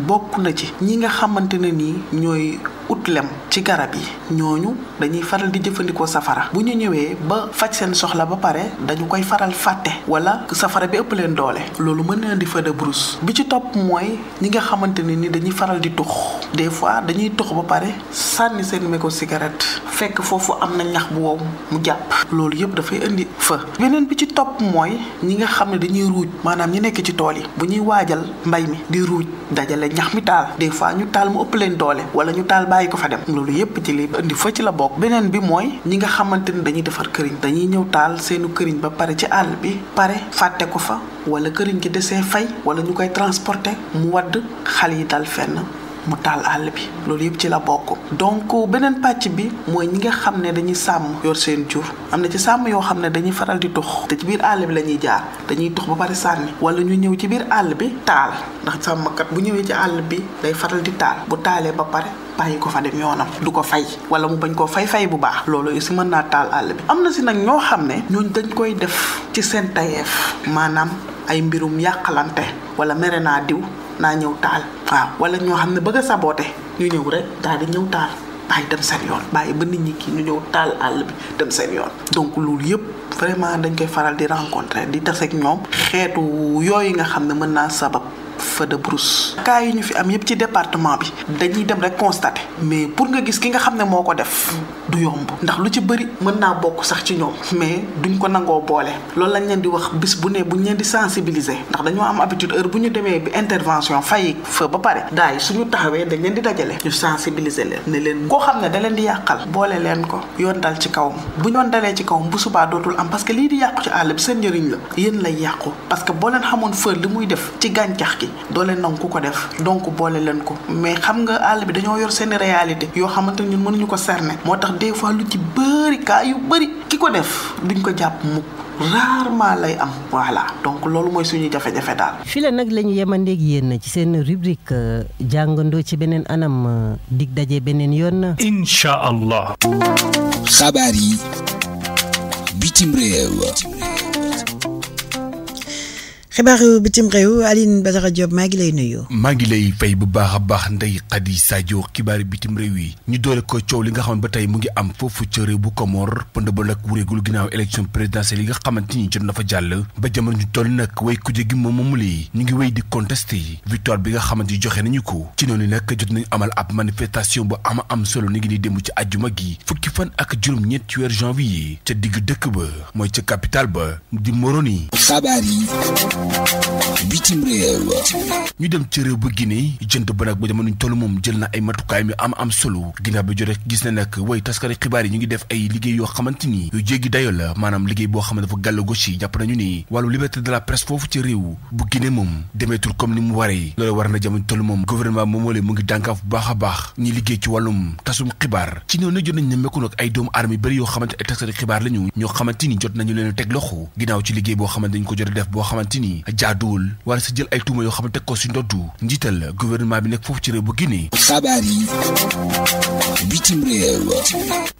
bokk na ci ñi nga xamante ne nii ñooy ut lem ci garab yi ñooñu dañuy faral di jëfandikoo safara bu ñu ñëwee ba faj seen soxla ba pare dañu koy faral fàtte wala safara bi ëpp leen doole loolu mën na di feu de brousse bi ci topp mooy ñi nga xamante ne ni dañuy faral di tux des fois dañuy tux ba pare sànni seen mégot cigarette fekk foofu am na ñax bu wow mu jàpp loolu yëpp dafay indi fa beneen bi ci topp mooy ñi nga xam ne dañuy ruuj maanaam ñu nekk ci tool yi bu ñuy waajal mbay mi di ruuj dajale ñax mi taal des fois ñu taal mu ëpp leen doole wala ñu taal bàyyi fa dem loolu yépp ci li indi fa ci la bokk beneen bi mooy ñi nga xamante ni dañuy defar këriñ dañuy ñëw taal seenu këriñ ba pare ci àll bi pare fàtte ko fa wala këriñ gi desee fay wala ñu koy transporter mu wadd xal yi dal fenn mu taal àll bi loolu yëpp ci la bokk donc beneen pàcc bi mooy ñi nga xam ne dañuy sàmm yor seen jur am na ci sàmm yoo xam ne dañuy faral di tux te ci biir àll bi la ñuy jaar dañuy tux ba pare sànni wala ñu ñëw ci biir àll bi taal ndax sàmmkat bu ñëwee ci àll bi day faral di taal bu taalee ba pare bàyyi ko fa dem yoonam du ko fay wala mu bañ koo fay-fay bu baax loolu aussi mën naa taal àll bi am na si nag ñoo xam ne ñooñ dañ koy def ci seen tayeef maanaam ay mbirum yàqalante wala mere naa diw naa ñëw taal waaw wala ñoo xam ne bëgg saboote sabote ñu ñëw rek daal di ñëw taal bàyyi dem seen yoon bàyyi ba nit ñi kii ñu ñëw taal àll bi dem seen yoon donc loolu yëpp vraiment dañ koy faral di rencontrer di taseeg ñoom xeetu yooyu nga xam ne mën naa sabab feu de brousse cas yi ñu fi am yëpp ci département bi dañuy dem rek constater mais pour nga gis ki nga xam ne moo ko def du yomb ndax lu ci bëri mën naa bokk sax ci ñoom mais duñ ko nangoo boole loolu lañ leen di wax bis bu ne buñ leen di sensibiliser ndax dañoo am habitude heure bu ñu demee bi intervention fay fa ba pare daay suñu taxawee dañ leen di dajale ñu sensibiliser leen ne leen koo xam ne da leen di yàqal boole leen ko yoon dal ci kawam bu ñoon dalee ci kawam bu subaa dootul am parce que lii di yàqu ci àll bi seen njëriñ la yéen lay yàqu parce doole leen ku ko def donc boole leen ko mais xam nga àll bi dañoo yor seen réalité yoo xamante ne ñun mënuñu ko cerner moo tax des fois lu ci bëri cas yu bëri ki ko def duñ ko jàpp mukk rarement lay am voilà donc loolu mooy suñu jafe-jafe daal. fii la nag la ñu yemandeeg yéen ci seen rubrique euh, jàngandoo ci beneen anam euh, dig daje beneen yoon. incha allah. xabaar yi bitim réew. xibaaru bitim réew Alioune Badara Diop maa ngi lay nuyu. maa ngi lay fay bu baax a baax Ndeye Khady Sadio xibaaru bitim réew yi ñu doole ko coow li nga xam ne ba tey mu ngi am foofu ca réew bu Komor pënd ba nag wuréegul ginnaaw élection présidentielle yi nga xamante ni jot na fa jàll ba jamono ñu toll nag way kuje gi moom moomu lii ñu ngi wéy di contesté victoire bi nga xamante ni joxe nañu ko ci noonu nag jot nañu amal ab manifestation bu ama am solo ni ngi di démb ci àjjuma gi fukki fan ak juróom-ñett ci weer janvier ca dëkk ba mooy ca capitale ba di Moroni. xabaar yi. bitim réew ñu dem ci réew bu Guinée jënd ba nag ba jamono moom jël na ay matukaay mi am am solo ginnaaw bi jot gis na nag way taskari xibaar yi ñu ngi def ay liggéey yoo xamante ni yu jéggi dayo la maanaam liggéey boo xam ne dafa gàllagoos yi jàpp nañu ni wàllu liberté de ni mu war na a baax ñi liggéey ci wàllum tasum xibaar ci noonu jot nañ ne mekku nag ay doomu yoo xamante ay taskari xibaar lañu ñoo xamante nañu leen teg loxo ginnaaw ci liggéey boo xamante dañ ko jot def boo xamante ni ni jaaduwul wala sa jël ay tuuma yoo xam ne teg ko si ndoddu njiital gouvernement bi nekk foofu ci réew bu Guinée. xabaar yi bitim réew.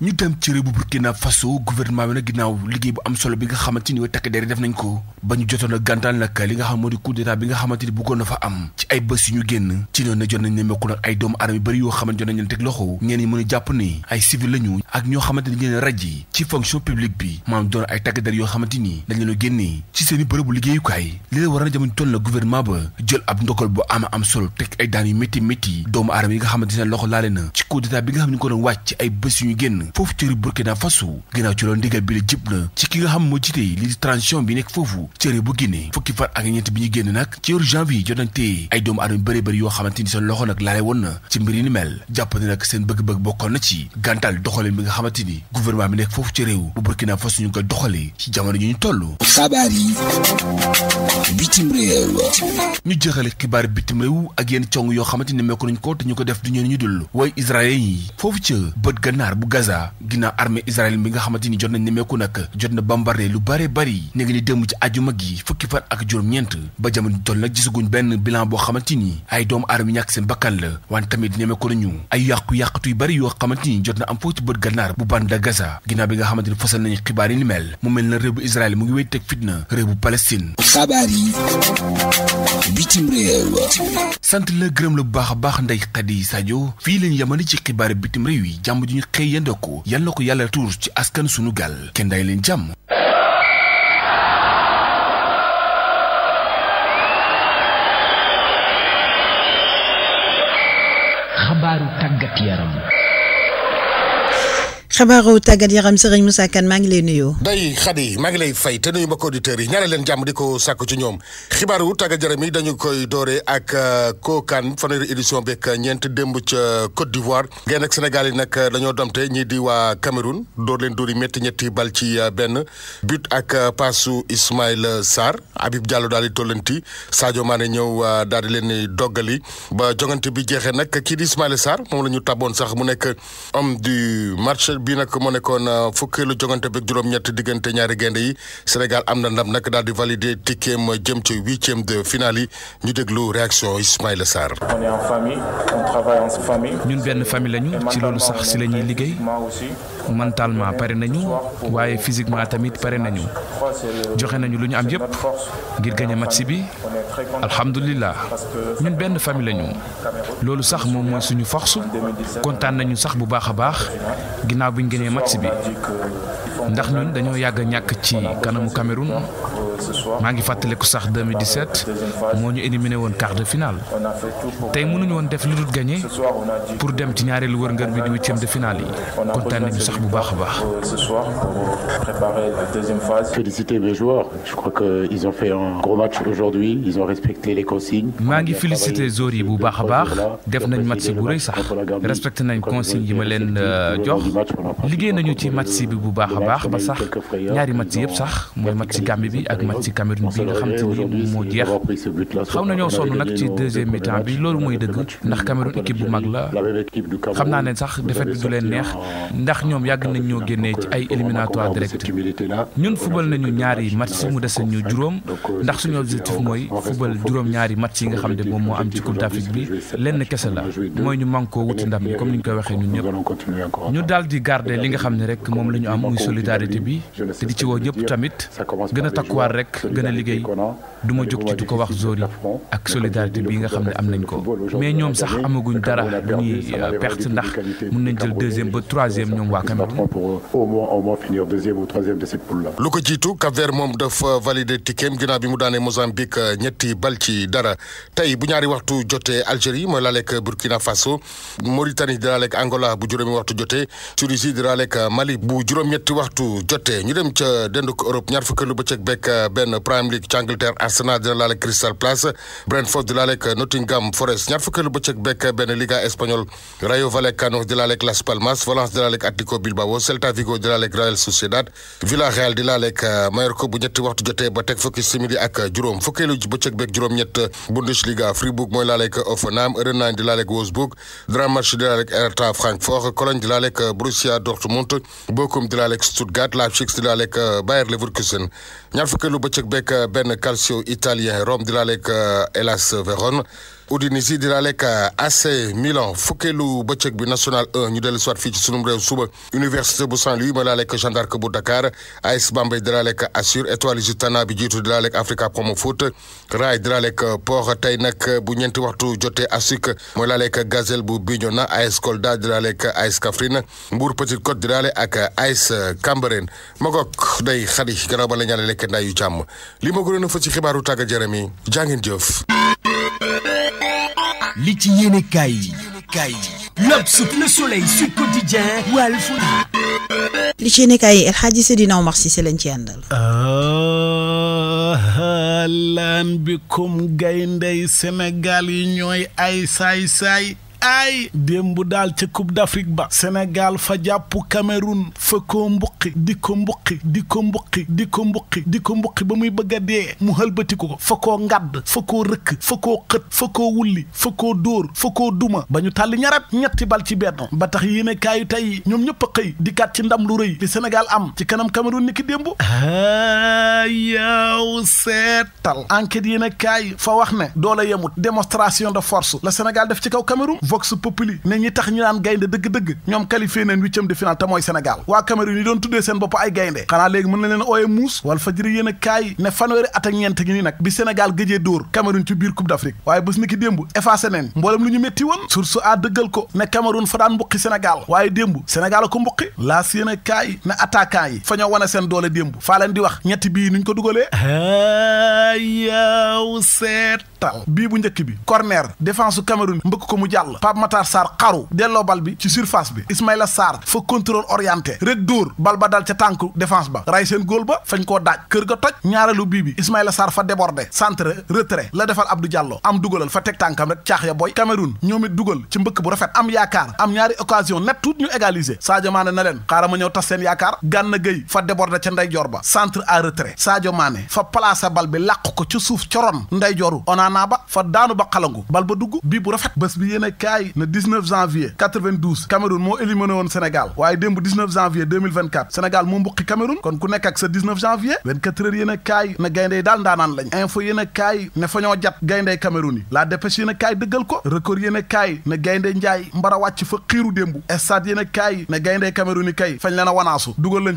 ñu dem ci réew bu Burkina Faso gouvernement bi nag ginnaaw bu am solo bi nga xamante ni way takk der def nañ ko ba ñu jotoon a gàntaal nag li nga xam moo di coup d'état bi nga xamante ni bëggoon na fa am ci ay bés yu ñu génn ci noonu jot nañ nemmeeku nag ay doomu aadama yu bëri yoo xamante ne ñoo teg loxo ñenn ñi mën a jàpp ni ay civil lañu ni ñoo xamante ni ñeneen raj ci fonction publique bi maanaam doon ay takk der yoo xamante ni dañ leen génne li la war a jamono toll na gouvernement ba jël ab ndogal bu ama am solo teg ay daan yu métti métti doomu aadama yi nga xamante seen loxo laale na ci coup d'état bi nga xam ne ñu ko doon ci génn ki nga xam moo jiite lii di transition bi nekk foofu cëri ñu génn nag ci weeru janvier jot nañ ay doomu aadama yu bëri bëri yoo xamante ni seen loxo nag laale woon na ci mbir yi ni mel jàpp ne nag seen bëgg-bëgg bokkoon na ci gàntal doxaleen bi nga xamante ni gouvernement bi nekk foofu ci réew bu Burkina Faso ñu koy doxalee ci jamono ñu ñu toll bitim réew ñu jeexale xibaar bitim réew ak yenn cong yoo xamante ni mekk nañ ko te ñu ko def du ñeen ñu dul waaye israélien yi foofu ca bët gannaar bu Gaza ginnaaw armée israël bi nga xamante ni jot nañ ne nag jot na bambardé lu bare bari ne ngi ni démb ci àjjuma gi fukki fan ak juróom-ñeent ba jamono toll nag gisaguñ benn bilan boo xamante ni ay doomu aadama ñàkk seen bakkan la wante tamit ne mekku nañu ay yàqu-yàqatu yu bari yoo xamante ni jot na am foofu ci bët gannaar bu banda Gaza bi nga xamante ni fasal nañu xibaar yi ni mel mu mel na réew bu Israël mu ngi wéy teg fitna réew bu Palestine sant la gërëm la bu baax a baax Ndeye Khady fii lañ yamani ci xibaar bitim réew yi jàmm ju ñu xëy yendoo ko yal na ko yàlla tuur ci askan sunu gaal kenn day leen jàmm yaram xabaaru tàggat yaram Serigne Moussa Kane maa ngi lay nuyoo. day xadi maa ngi lay fay te nuyu mbokki auditeurs yi ñaanal leen jàmm di ko sàkku ci ñoom xibaaru tàggat yaram dañu koy doore ak euh, kookaan fanweeri édition beeg ñeent démb ca Côte d'Ivoire. ngeen ak Sénégal yi nag dañoo domte ñii di waa Cameroun door leen dóor yi métti ñetti bal ci euh, benn but ak euh, paasu Ismaïla Sarr Habib Diallo daal di tollanti Sadio Mané ñëw daal di leen doggali ba jongante bi jeexee nag kii di Ismaïla moom la ñu tàbboon sax mu nekk homme du match bi nag mu nekkoon euh, fukkeelu jogante bi juróom-ñett diggante ñaari gaynde yi Sénégal am na ndam nak daal di valider tikkeem jëm ci huitième de finale yi ñu déglu réaction Ismaïla Sarr. on est en ñun benn famille lañu ci loolu sax si la ñuy liggéey mentalement pare nañu waaye physiquement tamit pare nañu joxe nañu lu ñu am yëpp ngir gagné match bi alhamdulilah ñun benn famille lañu loolu sax moom mooy suñu force kontaan nañu sax bu baax a baax ginnaaw ginnaaw bi ñu gënee match bi ndax ñun dañoo yàgg ñàkk ci kanamu Cameroun maa ngi fàttaliku sax yi bu baax a baax. Euh, euh, féliciter mes joueurs je crois que ils ont fait un gros match aujourd'hui ils ont yi bu baax a baax def nañ match bu rëy sax respecté nañ consignes yi ma leen euh, jox liggéey nañu ci match bi bu baax a baax ba sax ñaari match yëpp sax mooy match Gambie bi ak. match ci Cameroun bi nga xam te ni moo jeex xaw na ñoo sonn nag ci deuxième mi-temps bi loolu mooy dëgg ndax Cameroun équipe bu mag la xam naa ne sax défaite bi du leen neex ndax ñoom yàgg nañ génnee ci ay éliminatoire direct ñun fubal nañu ñaari match si mu ñu juróom euh, ndax suñu objectif mooy fubal juróom ñaari match yi nga xam ne moom moo am ci Coupe d'Afrique bi lenn kese la mooy ñu mànkoo wuti ndam bi comme ni ñu koy waxee ñun ñëpp ñu daal di li nga xam ne rek moom la a rek gën a liggéey du ma jóg ci du ko wax Zori ak solidarité bi nga xam ne am nañ ko mais ñoom sax amaguñ dara bu ñuy euh, perte ndax mun nañ jël deuxième ba troisième ñoom waa Cameroun. lu ko jiitu Cap Vert moom dafa validé tikkeem ginnaaw bi mu daanee Mozambique euh, ñetti bal ci dara tey bu ñaari waxtu jotee Algérie mooy laalek Burkina Faso Mauritanie di laalek Angola bu juróomi waxtu jotee Tunisie di laalek Mali bu juróom-ñetti waxtu jotee ñu dem ca denduk Europe ñaar fukki benn Premier League ci Arsenal dina laale Crystal Palace Brentford di laale Nottingham Forest ñaar fukkeelu bëccëg bekk benn Liga espagnol Rayo Vallecano di laale ak Las Palmas Valence di laale ak Bilbao Celta Vigo di laale ak Sociedad Villarreal di laale ak Mallorca bu ñetti waxtu jotee ba teg fukki simili ak juróom fukkeelu bëccëg bekk juróom-ñett Bundesliga Fribourg mooy laale ak Hoffenheim Rennes di laale ak bëccëg beeg euh, benn calcio italien Rome di laaleeg euh, Hellas Vérone Udinese dina lekk eh, AC Milan fukkeelu bëccëg bi national 1 ñu dellu soit fii ci sunum réew suba université bu Saint-Louis ma laa lekk Jeanne d'Arc bu Dakar AS Bambey dina lekk eh, Assur Étoile Gitana bi jiitu dina lekk eh, Africa Promo Foot Rail dina lekk Port tey nag bu ñeenti waxtu jotee ASUC mooy laa lekk Gazelle bu Bignona AS Kolda dina lekk AS Kaffrine Mbour Petite Côte dina lekk ak AS Cambérène Magog day xadi gannaaw ba la ñaale yu jàmm li ma xibaaru tàggat jërëm yi jaa li ci yéene kaay yi kaay yi L'Obs, Le Soleil, Sud Quotidien, li ci yéene kaay yi El Hadji Seydina Omar Cissé lañ ci àndal ah, laan bi comme gayndey Sénégal yi ñooy ay saay saay aay démb daal ca Coupe d'Afrique ba Sénégal fa jàpp Cameroun fa ko mbuqi di ko mbuqi di ko mbuqi di ko mbuqi di ko mbuqi ba muy bëgg a dee mu halbatiku ko fa koo ngadd fa koo rëkk fa koo xët fa koo wulli fa koo dóor fa koo duma ba ñu tàlli ñaret ñetti bal ci benn ba tax yéene kaayu tey ñoom ñëpp a di kat ci ndam lu rëy li Sénégal am ci kanam Cameroun ni ki démb ah, yow seetal enquête yéene kaay fa wax ne doole yemut démonstration de force la Sénégal def ci kaw Cameroun vox populi ne ñi tax ñu naan gaynde dëgg-dëgg ñoom qualifié nañ huitième de finale te mooy Sénégal waa Cameroun yi doon tuddee seen bopp ay gaynde xanaa léegi mën na leen ooye muus wala fajëri yéen a ne fanweeri at ak ñeent ni nag bi Sénégal gëjee dóor Cameroun ci biir Coupe d'Afrique waaye bés ni ki démb effacé nañ mboolem lu ñu métti woon source a dëggal ko ne Cameroun fa daan mbuqi Sénégal waaye démb Sénégal a ko mbuqi laas yéen a ne attaquant yi fa ñoo wane seen doole démb leen di wax ñetti bii ko dugalee yaw tal bii bu njëkk bi corner défense su Cameroun mbëkk ko mu jàll Pape Matar Sarr xaru delloo bal bi ci surface bi Ismaïla Sarr fa contrôle orienté rek dóor bal ba dal ca tànk défense ba ray seen góor ba fañ koo daaj kër ga toj ñaareelu bii bi Ismaïla Sarr fa débordé centre retrait la defal Abdou jàlloo am dugalal fa teg tànkam rek caax ya boy Cameroun ñoom it dugal ci mbëkk bu rafet am yaakaar am ñaari occasion net tuut ñu égaliser Sadio Mané na leen xaaral ma ñëw tas seen yaakaar Gana Gueye fa débordé ca ndeyjoor ba centre à retrait Sadio Mané fa placé bi làq ko ci suuf coroon ndeyjooru maanaa ba fa daanu ba xalangu bal ba dugg bii bu rafet bés bi yéen a kaay na janvier 92 Cameroun moo éliminé woon Sénégal waaye démb janvier 2024 Sénégal moo mbuqi Cameroun kon ku nekk sa janvier 24 kaay na gayndey daal ndaanaan lañ info yéen kaay ne fa ñoo jat gayndey Cameroun yi la dépêche yéen kaay dëggal ko record yéen kaay ne gayndey Njaay mbara wàcc fa xiiru démb stade yéen a kaay ne gayndey yi kay fañ leen wanaasu dugal leen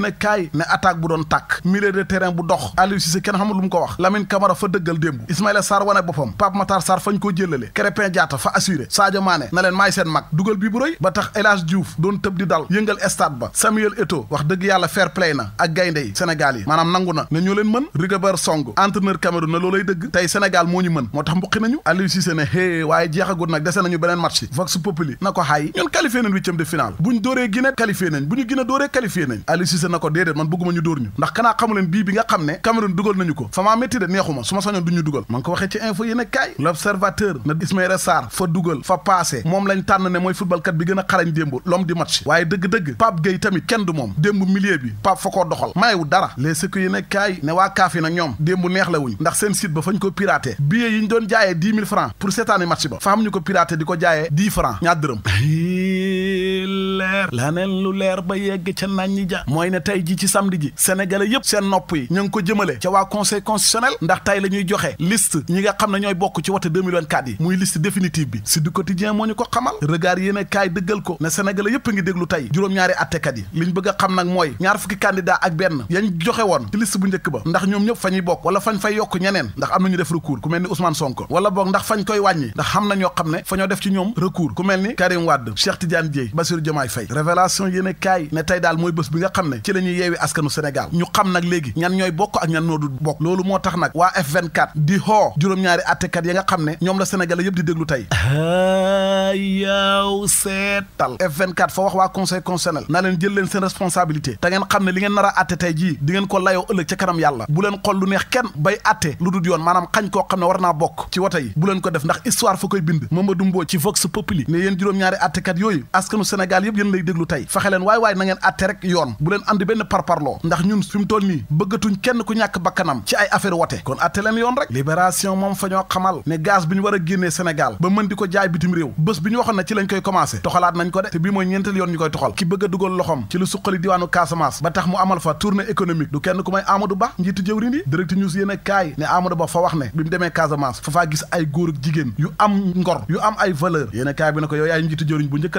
yéen a kaay ne attaque bu doon tàkk milieu de terrain bu dox Aliou Cissé kenn xamul lu mu ko wax Lamine Camara fa dëggal démb Ismaïla Sarr wane boppam Pape Matar Sarr fañ koo jëlale Krépin Diatta fa assuré Sadio Mané na leen maay dugal bi bu rëy ba tax El Hadj Diouf doon tëb di dal yëngal stade ba Samuel Eto'o wax dëgg yàlla fer play na ak gaynde yi Sénégal yi maanaam nangu na ne ñoo leen mën Rigobert Song entraîneur Cameroun na loolay dëgg tey Sénégal moo ñ mën moo tax mbuqi nañu Aliou Cissé ne hé waaye jeexagul beneen match vox populi na ko xaay ñun qualifié nañ huitième ñu Guinée dóoree qualifié nañ Aliou Cissé na ko déedéet man bëgguma ñu dóor ñu ndax kanaa xamu bii bi nga xam ne Cameroun dugal nañu ko fa maa métti neexuma su ma sañoon du dugal ma ko waxee ci info yéen a kaay l'observateur na Ismaïla Sarr fa dugal fa passé moom lañ tànn ne mooy footballkat bi gën a xarañ démb l'homme du match waaye dëgg-dëgg Pape Gueye tamit kenn du moom démb milieu bi Pape fa koo doxal mayewu dara les secours yéen ne waa kaaf yi ñoom démb neex la wuñ ndax seen site ba tey ji ci samedi ji sénégalais yépp seen nopp yi ñu ngi ko jëmale ca waa conseil constitutionnel ndax tey la ñuy joxe liste ñi nga xam ne ñooy bokk ci wote 2024 yi muy liste définitive bi si du quotidien moo ñu ko xamal regard yéen kaay dëggal ko ne sénégalais yépp ngi déglu tey juróom-ñaari attekat yi liñ bëgg xam nag mooy ñaar fukki candidat ak benn yañ joxe woon ci liste bu njëkk ba ndax ñoom ñëpp fa ñuy bokk wala fañ fay yokk ñeneen ndax am nañu def recours ku mel ni Ousmane Sonko wala boog ndax fañ koy wàññi ndax na ñoo xam ne fa def ci ñoom recours ku mel ni Karim Wade Cheikh Tidiane Dièye Bassirou Diomaye Faye révélation ne tey daal mooy bés bi nga xam ne ci la ñuy yeewi askanu Sénégal ñu xam nag léegi ñan ñooy bokk ak ñan ñoo du bokk loolu moo tax nag waa F24 di xoo juróom-ñaari attekat ya nga xam ne ñoom la Sénégal yëpp di déglu tey yaaw seetal F24 fa wax waa conseil constitutionnel na jël leen seen responsabilité te ngeen xam ne li ngeen nar a atte tey jii di ngeen ko layoo ëllëg ca kanam yàlla bu leen xool lu neex kenn bay atte lu dul yoon maanaam xañ koo xam ne war naa bokk ci wote yi bu leen ko def ndax histoire fa koy bind Mamadou Mbodj ci Vox Populi ne yéen juróom-ñaari attekat ànd benn parparloo ndax ñun fi mu toll nii bëggatuñ kenn ku ñàkk bakkanam ci ay affaire wote kon atte yoon rek libération moom fa ñoo xamal ne gaz bi ñu war a génnee Sénégal ba mën di ko jaay bitim réew bés bi ñu waxoon ne ci lañ koy commencé toxalaat nañ ko de te bii mooy ñeenteel yoon ñu koy toxal ki bëgg a dugal ci lu suqali diwaanu Casamance ba tax mu amal fa tournée économique du kenn ku may Amadou Ba njiitu jëwriñ yi direct news yu am a kaay bi ne ko yow yaay njiitu jëwriñ bu njëkk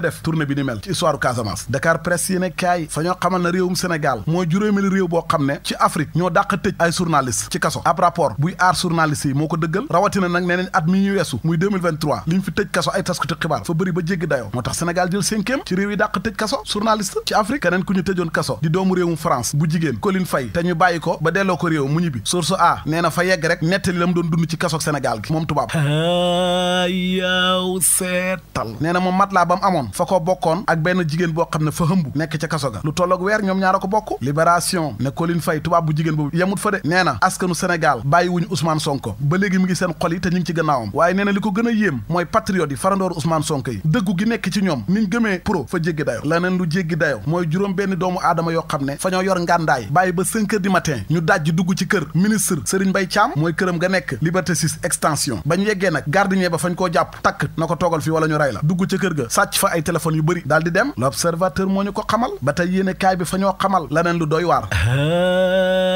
Sénégal mooy juróomeelu réew boo xam ne ci Afrique ñoo dàq tëj ay journaliste ci kaso ab rapport buy aar journaliste yi moo ko dëggal rawatina nag nee nañ at mi ñu weesu muy 2023 liñ fi tëj kaso ay taskati xibaar fa bëri ba jéggi dayoo moo tax Sénégal jël cinquième ci réew yi dàq tëj kaso journaliste ci Afrique keneen ku ñu tëjoon kaso di doomu réewum France bu jigéen Colline Faye te ñu bàyyi ko ba delloo ko réew mu ñibbi source a nee na fa yegg rek nettali la mu doon dund ci kaso Sénégal gi moom tubaab yaw seetal nee na moom mat laa ba mu amoon fa bokkoon ak benn jigéen boo xam ne fa hëmb nekk kaso ga lu tolloog weer ñoom ñaara ko bokk libération ne Colline fay tubaab bu jigéen boobu yemut fa de nee na askanu Sénégal bàyyi usmaan Ousmane ba léegi mi ngi seen xol yi te ñu ngi ci gannaawam waaye nee na li ko gën a yéem mooy patriote yi farandoor Ousmane Sonko yi dëggu gi nekk ci ñoom niñ gëmee pro fa jéggi dayo laneen lu jéggi dayo mooy juróom benn doomu aadama yoo xam ne fa ñoo yor ngàndaay bàyyi ba 5 heures du matin ñu dajji dugg ci kër ministre Serigne bay Thiam mooy këram nga nekk liberté 6 extension bañ yeggee nag gardien ba fañ koo jàpp takk na ko toogal fii wala ñu rey la dugg ci kër ga sàcc fa ay téléphone yu bëri daal di dem l'observateur moo ñu ko xamal ba tey yéene kaay bi xamal laneen lu doy waar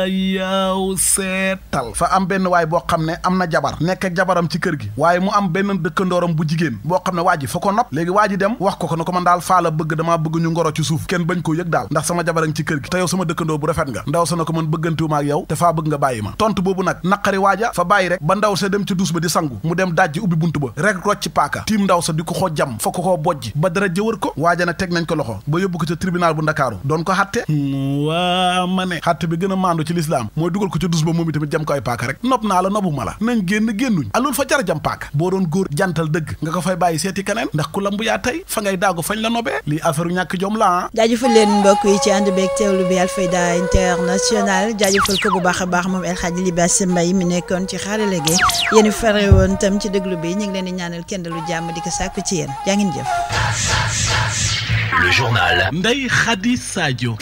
yaaw seetal fa am benn waay boo xam ne am na jabar nekk ak jabaram ci kër gi waaye mu am benn dëkkandooram bu jigéen boo xam ne waa ji fa ko nopp léegi waa ji dem wax ko ko ne ko man daal faala bëgg dama bëgg ñu ngoro ci suuf kenn bañ koo yëg daal ndax sama jabaran ci kër gi te yow sama dëkkandoo bu rafet nga ndaw sa na ko man bëggantiwuma ak yow te faa bëgg nga bàyyi ma tontu boobu nag naqari waaja fa bàyyi rek ba ndaw sa dem ci duus ba di sangu mu dem dajji ubbi buntu ba rek rocci paaka tiim ndaw sa di ko xoo jam fa ko bojj ba dara jëwër ko waaja na teg nañ ko loxo ba yóbbu ko ca tribunal bu ndakaaru doon waa ma ne xatt bi gën a maandu ci lislaam mooy dugal ko ci dus ba moom itamit jam ko ay paaka rek nopp naa la noppu la nañ génn génnuñ alul fa jar jam paaka boo doon góor jantal dëgg nga ko fay bàyyi seeti keneen ndax ku lambu yaa tey fa ngay daagu fañ la nobee lii affaire ñàkk jom la ah. jaajëfal leen mbokk yi ci ànd beeg teewlu bi Alfayda International jaajëfal ko bu baax a baax moom El Hadji Libasse Mbaye mi nekkoon ci xarale gi yéen fare woon tam ci déglu bi ñu ngi leen di ñaanal di ko sàkku ci yéen jaa Le journal Ndeye Khady Sadio